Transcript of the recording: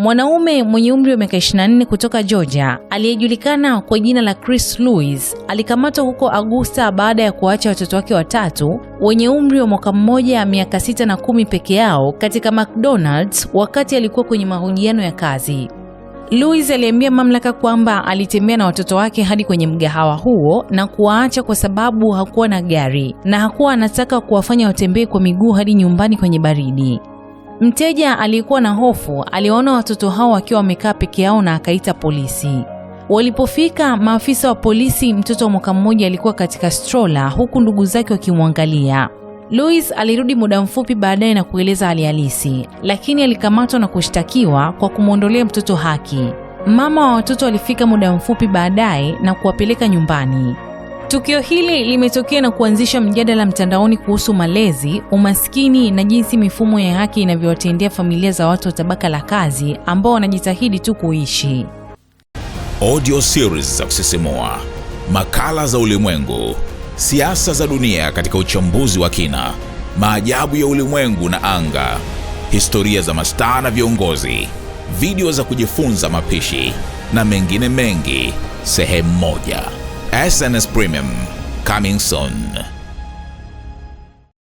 Mwanaume mwenye umri wa miaka 24 kutoka Georgia aliyejulikana kwa jina la Chris Lewis alikamatwa huko Augusta baada ya kuacha watoto wake watatu wenye umri wa mwaka mmoja, miaka sita na kumi peke yao katika McDonald's wakati alikuwa kwenye mahojiano ya kazi. Lewis aliambia mamlaka kwamba alitembea na watoto wake hadi kwenye mgahawa huo na kuwaacha kwa sababu hakuwa na gari na hakuwa anataka kuwafanya watembee kwa miguu hadi nyumbani kwenye baridi. Mteja aliyekuwa na hofu aliwaona watoto hao wakiwa wamekaa peke yao na akaita polisi. Walipofika maafisa wa polisi, mtoto wa mwaka mmoja alikuwa katika strola, huku ndugu zake wakimwangalia. Louis alirudi muda mfupi baadaye na kueleza hali halisi, lakini alikamatwa na kushtakiwa kwa kumwondolea mtoto haki. Mama wa watoto alifika muda mfupi baadaye na kuwapeleka nyumbani. Tukio hili limetokea na kuanzisha mjadala mtandaoni kuhusu malezi, umaskini na jinsi mifumo ya haki inavyowatendea familia za watu wa tabaka la kazi ambao wanajitahidi tu kuishi. Audio series za kusisimua, makala za ulimwengu, siasa za dunia katika uchambuzi wa kina, maajabu ya ulimwengu na anga, historia za mastaa na viongozi, video za kujifunza mapishi na mengine mengi, sehemu moja. SNS Premium. Coming soon.